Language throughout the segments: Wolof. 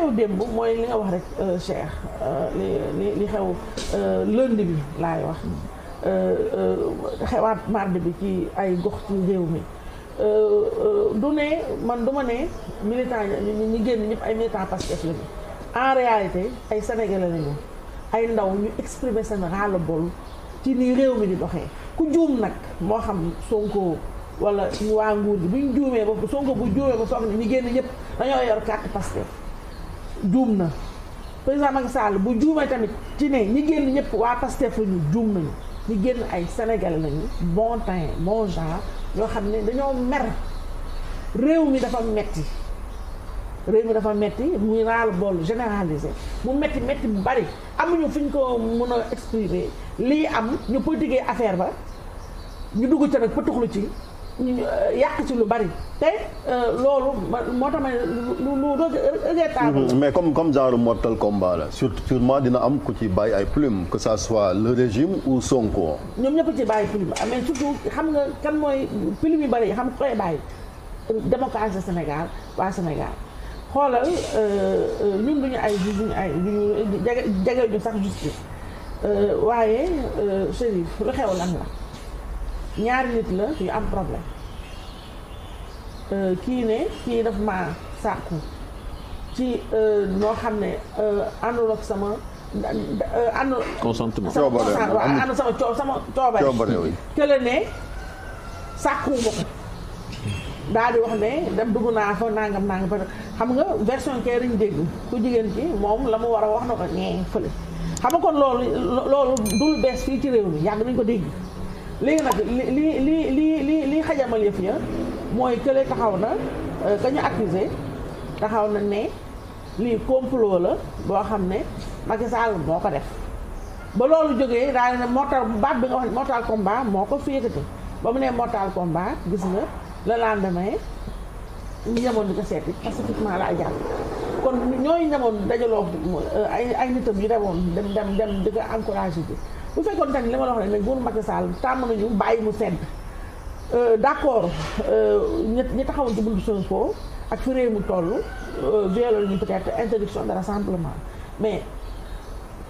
xew démb mooy li nga wax rek euh, Cheikh euh, li li xew euh, lundi bi laay wax xewaat mardi bi ci ay gox ci réew mi du ne man du ma ne militant ñu génn ñëpp ay militant Pastef lañu en réalité ay sénégalais lañu ay ndaw ñu exprimer seen ras-le-bol ci ni réew mi di doxee ku juum nag moo xam Sonko wala waa nguur gi bu ñu juumee ba Sonko bu juumee ba soog ni ñu génn ñëpp dañoo yor carte Pastef juum na président Macky Sall bu juumee tamit ci ne ñi génn ñëpp waa Pastef ñu juum nañu ñi génn ay Sénégal nañu bon teint bon genre ñoo xam ne dañoo mer réew mi dafa metti réew mi dafa metti muy raal bool généralisé mu metti metti bu bari amuñu fu ñu ko mën a exprimer lii am ñu politiquee affaire ba ñu dugg ca nag ci Euh, yàq ci lu bari te euh, loolu moo tax ma lu lu mm-hmm. mais comme comme genre mortal combat la surtout sûrement dina am ko ci bàyyi ay plume que ça soit le régime ou Sonko. ñoom ñëpp ci bàyyi plume ah, mais surtout xam nga kan mooy plume yu bari yi xam nga koy bàyyi démocratie Sénégal waa Sénégal xoolal euh, ñun ay duñu ay duñu waaye Chérif lu xew lan la. ñaari nit la yu am problème euh, kii ne kii daf ma sàkku ci noo euh, xam ne euh, àndul ak sama ànd. consentement waaw ànd sama coo sama coobare. kële ne sàkku ma ko. daal di wax ne dem dugg naa fa nangam nangam parce que xam nga version kee riñ dégg ku jigéen ci moom la mu war a wax na ko ñee fële xam nga kon loolu loolu dul bees fii ci réew mi yàgg nañ ko dégg. léegi nag li lii lii lii lii xajamal yëf ya mooy kële taxaw na euh, ka ñu accusé taxaw na ne lii complot la boo xam ne Macky Sall moo ko def ba loolu jógee daal ne mortal baat bi nga wax mortal combat moo ko fi ba mu nee mortal combat gis la laa lendemain ñu yemoon di ko seeti pacifiquement laa jàpp kon ñooy ñamoon dajaloo euh, ay ay nitam yu demoon dem dem dem di ko encouragé bi bu fekkoon tamit li ma la wax ne ne nguuru Macky Sall tàmm nañu bàyyi mu sedd euh, d'accord euh, ñi taxawoon ci buntu Sonko ak fi réew mu toll euh, violé ñu peut-être interdiction de rassemblement mais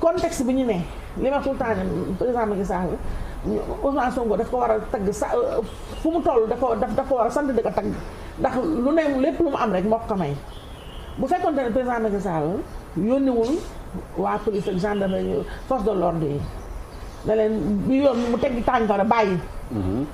contexte bi ñu ne li ma tout le temps ne président Macky Sall Ousmane Sonko daf ko war a tagg sa fu mu toll daf ko daf ko war a sant di ko tagg ndax lu ne lépp lu mu am rek moo ko may bu fekkoon ne président Macky Sall yónniwul waa police ak gendarmerie force de l'ordre yi na leen bi yoon mu teggi tànkara bàyyi mhm.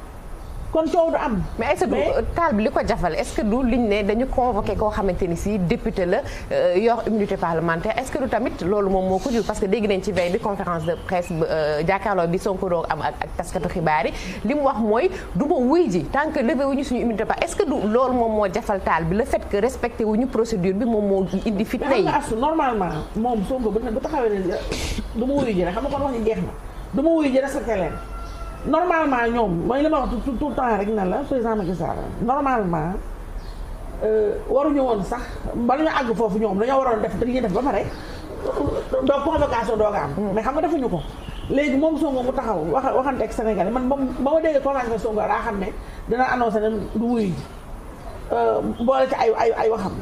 kon coow du am. mais est-ce que taal bi li ko jafal est du ne dañu convoqué koo xamante ni si député la euh, yor immunité parlementaire est tamit loolu moom moo ko jur parce que dégg nañ ci veille bi conférence de presse euh, jàkkaarloo bi Sonko doon am ak taskatu xibaar yi li mu wax mooy du ma wuy ji tant que wu ñu suñu immunité par est-ce que du loolu moom moo jafal taal bi le fait que respecté wuñu procédure bi moom moo indi. fitna yi mais normalement moom Sonko bu taxawee ne du ma wuy ji rek kon wax ni jeex na. dama wuyu ji respecté leen normalement ñoom mooy li ma wax tout tout temps rek na la président Macky Sall ma euh, waruñu woon sax bala ñu àgg foofu ñoom dañoo waroon def li ñuy def ba pare donc convocation dooga am mm. mais xam nga defuñu ko léegi moom Sonko mu taxaw wax waxante ak Sénégalais man moom ba ma déggee convocation Sonko daa xam ne dina annoncé ne du wuyu ji euh, boole ci ay ay ay waxam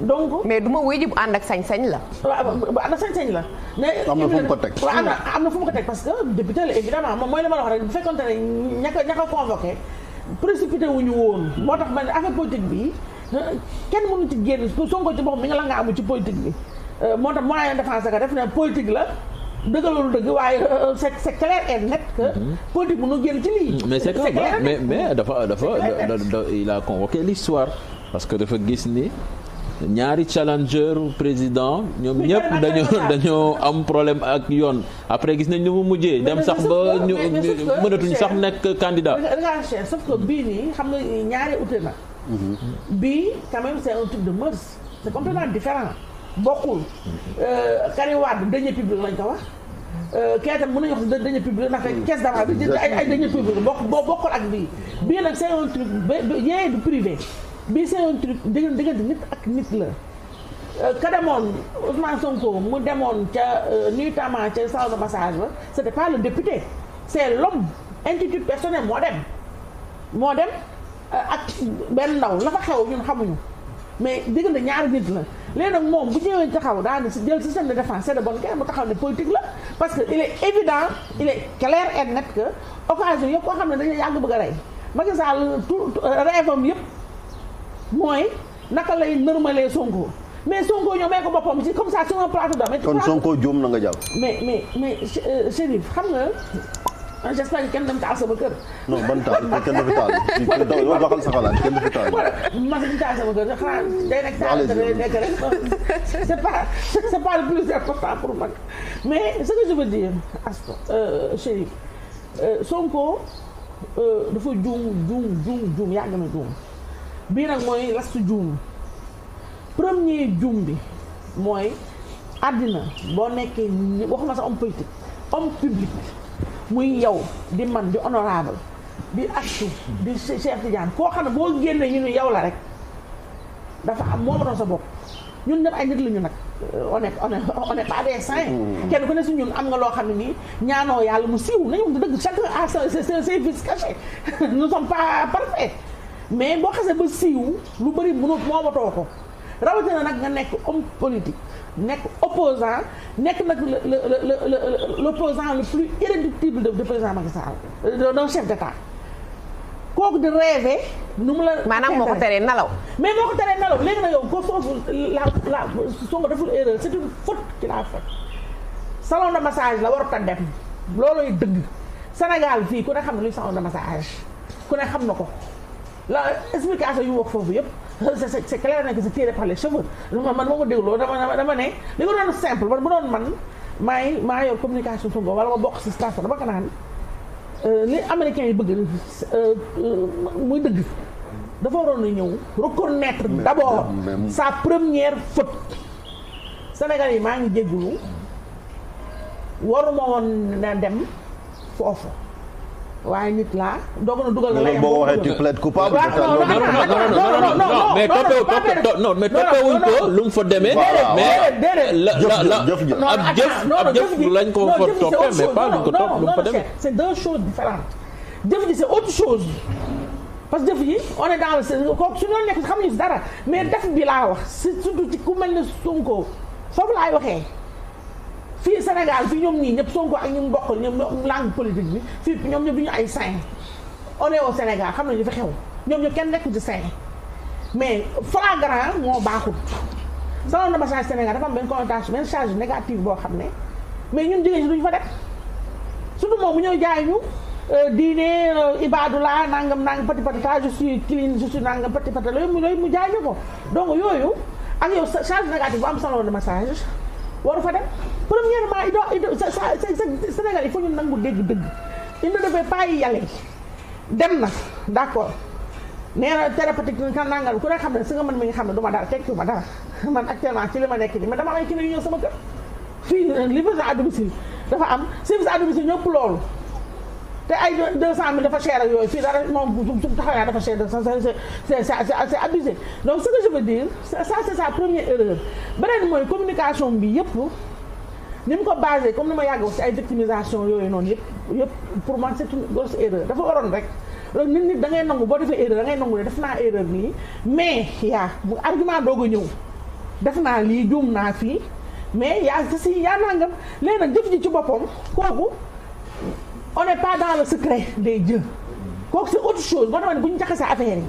donc. mais du ma wuy bu ànd ak sañ-sañ la. waaw bu ànd ak sañ-sañ la. mais am na fu mu ko teg waaw am na fu mu ko teg parce que député la évidemment moom mooy li ma la wax rek bu fekkonte ne ña ko ña ko convoqué précipité wu ñu woon. moo tax ma ne affaire politique bi kenn mënu ci génn Sonko ci boppam mi nga la nga amul ci politique bi euh, moo tax moyen défense ka def na politique la. dëggaloolu dëgg waaye euh, c'est c'est clair et net que mm-hmm. politique mënul génn ci lii mais c'est clair mais mais dafa dafa il a convoqué l'histoire parce que dafa gis ni ñaari challenger président ñoom ñëpp dañoo dañoo am problème ak yoon après gis nañ ni mu mujjee dem sax ba ñu mënatuñ sax nekk candidat sauf que bii nii xam nga ñaari ute na mhm. bii quand même c'est un truc de mœurs c'est complètement différent bokkul euh, Karim Wade deniers publics lañ ko wax euh, kee tam mën nañu wax si deniers publics ndax mm. caisse d'avance bi ay deniers publics bokk bokkul ak bii bii nag c'est un truc bien du privé bii c'est un truc diggante nit ak nit la euh, ka demoon Ousmane Sonko mu demoon ca euh, nuy tama ca salle de massage ba c'était pas le député c'est l'homme intitut personnel moo dem moo dem euh, ak benn ndaw la fa xew ñun xamuñu mais diggante ñaari nit la léegi nag moom bu ñëwee taxaw daani si jël système de défense c'est de bonne guerre mu taxaw ne politique la parce que il est évident il est clair et net que occasion yëpp koo xam ne dañu yàgg bëgg a rey Macky Sall tout rêve am yëpp mooy naka lay nërmalee Sonko mais Sonko ñoo may ko boppam ci comme ça sur un plateau d'am kon Sonko juum na nga mais mais mais euh, xam nga. ah j' espère kenn dem taal sama kër. non ban taal taal. wala sa xalaat kenn dafa taal. wala mas ñu taal sama kër nga xalaat la nekk nekk rek. c' est pas c' plus mais ce que je veux dire Astor euh, euh, Sonko dafa juum juum juum juum yàgg bii nag mooy lastu juum premier juum bi mooy àddina boo nekkee waxuma sax homme politique homme public muy yow di man di honorable di actu di Cheikh Tidiane koo xam ne boo génnee ñu ne yow la rek dafa am moomatoon sa bopp ñun ñëpp ay nit la ñu nag euh, on est on est on est mm. kenn ku ne si ñun am nga loo xam ne nii ñaanoo yàlla mu siiw nañu dëgg chaque à ses ses vices cachés nous sommes mais boo xasee ba siiw lu bëri moo moomatoo ko na nag nga nekk homme politique nekk opposant nekk nag le le le l'opposant le plus irréductible de président Macky Sall euh, d'un chef d'état kooku nu mu la. maanaam moo ko teree nelaw mais moo ko teree nalaw léegi na yow ko Sonko la la Sonko deful erreur c'est une faute qu'il a faite salon de massage la war a dem loolooy dëgg Sénégal fii ku ne xam ne luy salon de massage ku ne xam na ko. la explication yu wax foofu yëpp c'est c'est clair na sa c'est tiré par les cheveux man man moo ko dama dama ne li ko doon simple man bu doon man maay maa yor communication Sonko wala ma bokk si station dama ko naan euh, li américains yi bëgg euh, muy dëgg dafa waroon na ñëw reconnaître d'abord sa première faute Sénégal yi maa ngi jéggulu waruma woon na dem foofu waaye nit laa doog na dugal la boo waxee tu plaide coupable mais toppee non mais toppee wuñ ko lu mu fa demee mais la la ab jëf ab jëf lañ ko fa toppee mais pas luñ ko topp lu mu fa demee c'est deux choses différentes jëf ji c'est autre chose parce que jëf yi on est dans le kooku su ñoo nekk xamuñu si dara mais def bi laa wax surtout ci ku mel ne Sonko foofu laay waxee fii Sénégal fii ñoom nii ñëpp Sonko ak ñu bokk ñoom langue politique bi fii ñoom ñëpp du ñu ay saint on est Sénégal xam nañu dafa xew ñoom ñëpp kenn nekku ci saint mais flagrant moo baaxul salon de massage Sénégal dafa am benn connotation benn charge négative boo xam ne mais ñun jigéen ñi duñu fa def surtout moom bu ñëw jaay ñu euh, diine euh, ibadula nangam nangam pati patata je suis clean je suis nangam pati patata yooyu mu jaay ñu ko donc yooyu ak yow charge négative bu am salon de massage waru fa dem premièrement il doit il doit Sénégal il faut ñu nangu dégg-dëgg il ne devait pas y aller dem na d'accord nee na thérapeutique ka nangal ku ne xam ne su nga mën mi xam ne du ma dara tekki ma dara man actuellement ci li ma nekk nii ma dama ay kii ne ñëw sama kër fii livraison à domicile dafa am service à domicile ñëpp loolu te ay deux cent mille dafa cher ak yooyu fii dara moom su taxawaay dafa cher c'est c'est abusé donc ce que je veux mooy communication bi yëpp ni mu ko basé comme ni ma yàgg wax ci ay victimisation yooyu noonu yëpp yëpp pour moi c'est une grosse dafa waroon rek loolu nit nit da ngay nangu boo defee erreur da ngay nangu ne def naa erreur nii mais yaa bu argument doog a ñëw def naa lii juum naa fii mais yaa si yaa nangam léegi nag jëf ji ci boppam kooku on n'est pas dans secret des dieux kooku c'est autre chose boo demee bu ñu jaxasee yi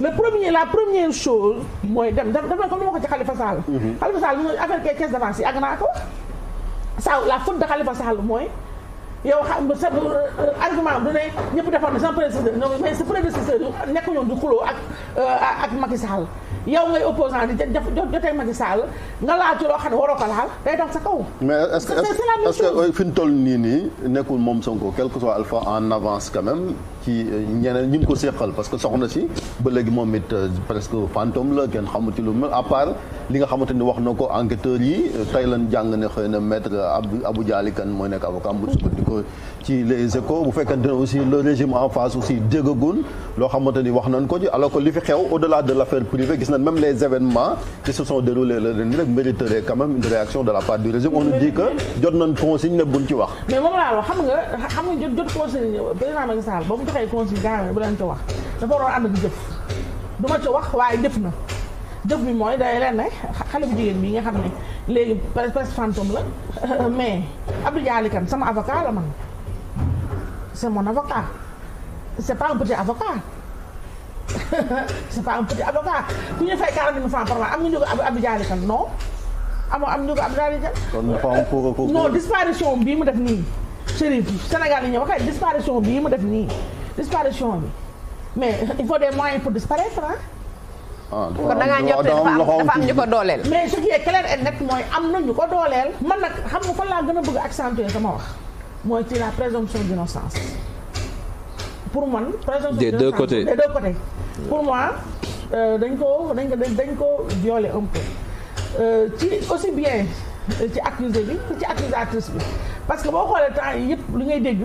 le premier la première chose mooy dem def def comme ni ma ko ci Khalifa Sall. Mhm. Khalifa Sall mooy affaire kee caisse d'avance yi àgg naa ko wax. la faute de Khalifa Sall mooy yow xam sa euh, argument du ne ñëpp defoon na sama prédécesseur mais sa prédécesseur nekkuñu woon du xuloo ak euh, ak Macky Sall. yow ngay opposant di jotee Macky Sall nga laal ci loo xam ne waroo ko laal day dal sa kaw. mais est-ce que est-ce que euh, fi ñu toll nii nii nekkul moom Sonko quel que soit Alpha en avance quand même. ci euh, ñeneen ko séqal parce que soxna si ba moom it euh, presque fantôme la kenn xamu lu mel à li nga xamante wax na ko enquêteurs yi tey lan jàng ne xëy na maître Abou Dialy Kane mooy nekk avocat bu sukkandikoo ci les échos bu fekkente aussi le régime en face aussi déggagun loo xamante wax nañ ko ci alors que li fi xew au delà de l' privée gis nañ même les événements qui se sont déroulés le rek mériterait quand même une réaction de la part du régime waxee consigne bu leen ci wax dafa waroon ànd ak jëf du ma ci wax waaye jëf na jëf bi mooy day leen ne xale bu jigéen bi nga xam ne léegi presse la mais Abdou Dialy Kane sama avocat la man c'est mon avocat c'est pas un petit avocat c'est pas un petit avocat ku ñu fay 40 000 francs par mois am nga ñu ko Abdou Dialy Kane non amoo am ñu ko Abdou Dialy Kane kon am pour non disparition bii mu def nii Chérif Sénégal yi ñëw waxee disparition bii mu def nii disparition bi mais il faut des moyens pour disparaître ah. ah kon da ngaa njort dafa am ñu ko dooleel. mais ce qui est clair et net mooy am na ñu ko dooleel. man nag xam nga fan laa gën a bëgg accentuer sama wax mooy ci la présomption d'innocence pour man. présomption des deux côtés des deux côtés. pour moi euh, dañ ko dañ ko dañ ko joole un peu euh, ci aussi bien euh, ci accusé bi ci accusatrice bi parce que boo xoolee temps yii yëpp li ngay dégg.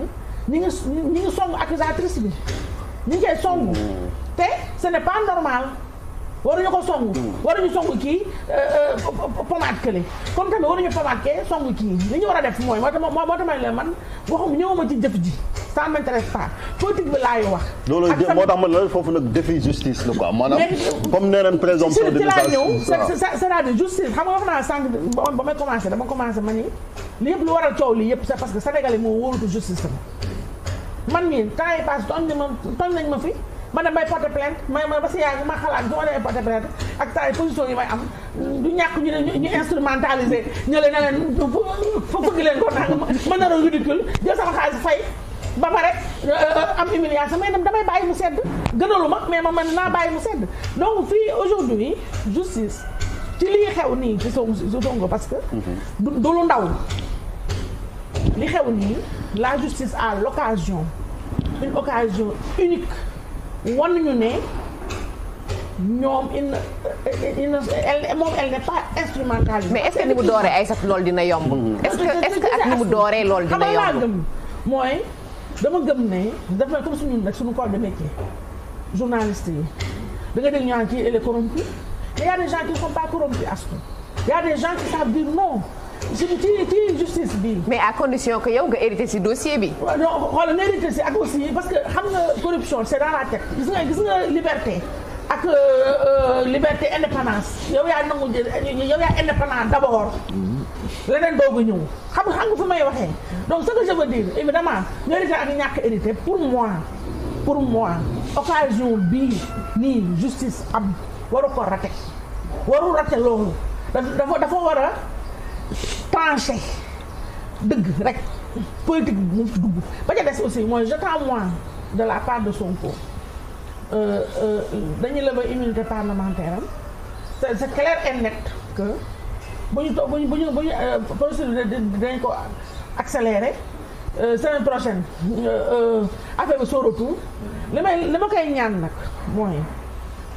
ñi ngi ñi ngi song accusatrice bi ñi ngi mm. te ce n'est pas normal waruñu ko song mm. waruñu song kii euh, euh, pomaat kële comme tamit waruñu pomaat kee song kii li ñu war a def mooy moo tax moo tax ma leen man waxum ñëwuma ci jëf ji ça m'intéresse pas politique bi laay wax. loolu moo tax ma la foofu nag défi justice la quoi maanaam comme nee nañ présomption de laa ñëw justice dama commencé ma ni li yëpp lu waral coow lii yëpp man mii temps yi passé tooñ ma tooñ nañ ma fi ma dem bay porté plainte may ma ba si yàgg ma xalaat su ma demee porté plainte ak saa position yi may am du ñàkk ñu ne ñu instrumentalisé ñu ne leen fa fëgg leen ko naan ma nar a ridicule jël sama xaalis fay ba pare euh, am humiliation may dem damay bàyyi mu sedd gënalu ma mais ma man naa bàyyi mu sedd donc fii aujourd'hui justice ci lii xew nii ci Sonko parce que mhm. du lu ndaw li xew nii la justice a l'occasion une occasion unique wan ñu ne ñoom ina ina moom elle n'est pas instrumentalisée. mais est ni mu dooree ay sax lool dina yomb. Hmm. est-ce que est ak ni mu dooree loolu dina yomb. mooy dama gëm ne dafa comme suñu nag suñu corps de métier journaliste yi da nga dégg ñu naan kii elle est corrompue mais y a des gens ne sont pas corrompus Astou y a des gens qui savent ci justice bi. mais à condition que yow nga hérité si dossier bi. waaw non xoolal nga hérité si ak aussi parce que xam nga corruption c'est dans la tête gis nga gis nga liberté. ak euh, euh, liberté indépendance yow yaa nangu yow yaa indépendant d'abord leneen doogu ñëw xam xam nga fi may waxee donc ce que je veux dire évidemment ñu hérité ak ñàkk hérité pour moi pour moi occasion bii nii justice am waru ko rate waru rate loolu dafa dafa war penché dëgg rek politique bi mu fi dugg ba ca des aussi mooy j'attends moi de la part de Sonko euh, euh, dañu la ba immunité parlementaire am c'est c'est clair net que ba ñu to bu ñu bu ñu bu euh, dañ ko accéléré semaine prochaine affaire bi son retour li may li ma koy ñaan nag mooy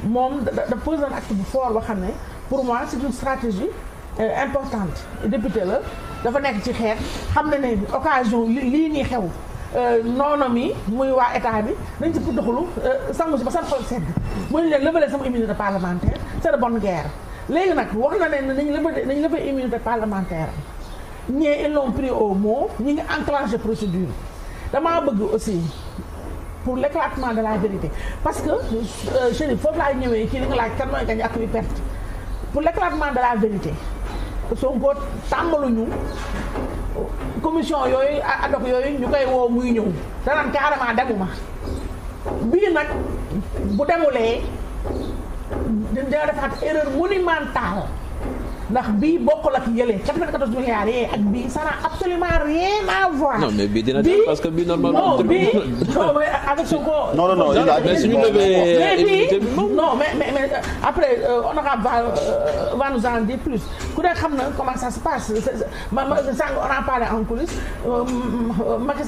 moom da da pose un acte bu fort boo xam ne pour moi c'est une stratégie Euh, importante député la dafa nekk ci xeet xam na ne occasion lii nii xew euh, noono mi muy waa état bi dañ ci doxalu euh, sangu si ba seen xol sedd mu ne leen levaler sama immunité parlementaire c'est de bonne guerre léegi nag wax na ne nañ lever nañ lever immunité parlementaire ñee ils l'ont pris au mot ñu ngi enclenché procédure damaa bëgg aussi pour l'éclatement de la vérité parce que Chérif foofu laay ñëwee kii li nga laaj kan mooy gañ ak luy perte pour l'éclatement la vérité Sonko tàmbaluñu commission yooyu ad hoc yooyu ñu koy woo muy ñëw danaan carrément demuma bii nag bu demulee dina defaat erreur monumentale ndax bii bokkul ak yële 94 milliards yee ak bii ça n'a rien à voir. non mais bii dem parce que bii normalement. non bii non mais avec a mais suñu levee. non mais après euh, honorable va euh, va nous en plus ku ne xam on a parlé en coulisses euh, Macky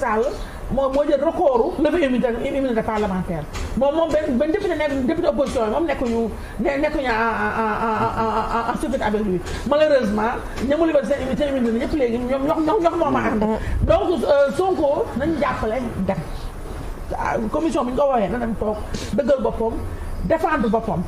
moom moo jël recours levée immunité parlementaire moom moom benn benn député nekk député opposition yi moom nekkuñu nekkuñu en en avec lui malheureusement ñamu libéré seen seen immunité ñëpp léegi ñoom ñox ñox moom a donc euh, Sonko nañu jàppale dem ah, commission bi ñu ko wooyee na dem toog dëggal boppam défendre boppam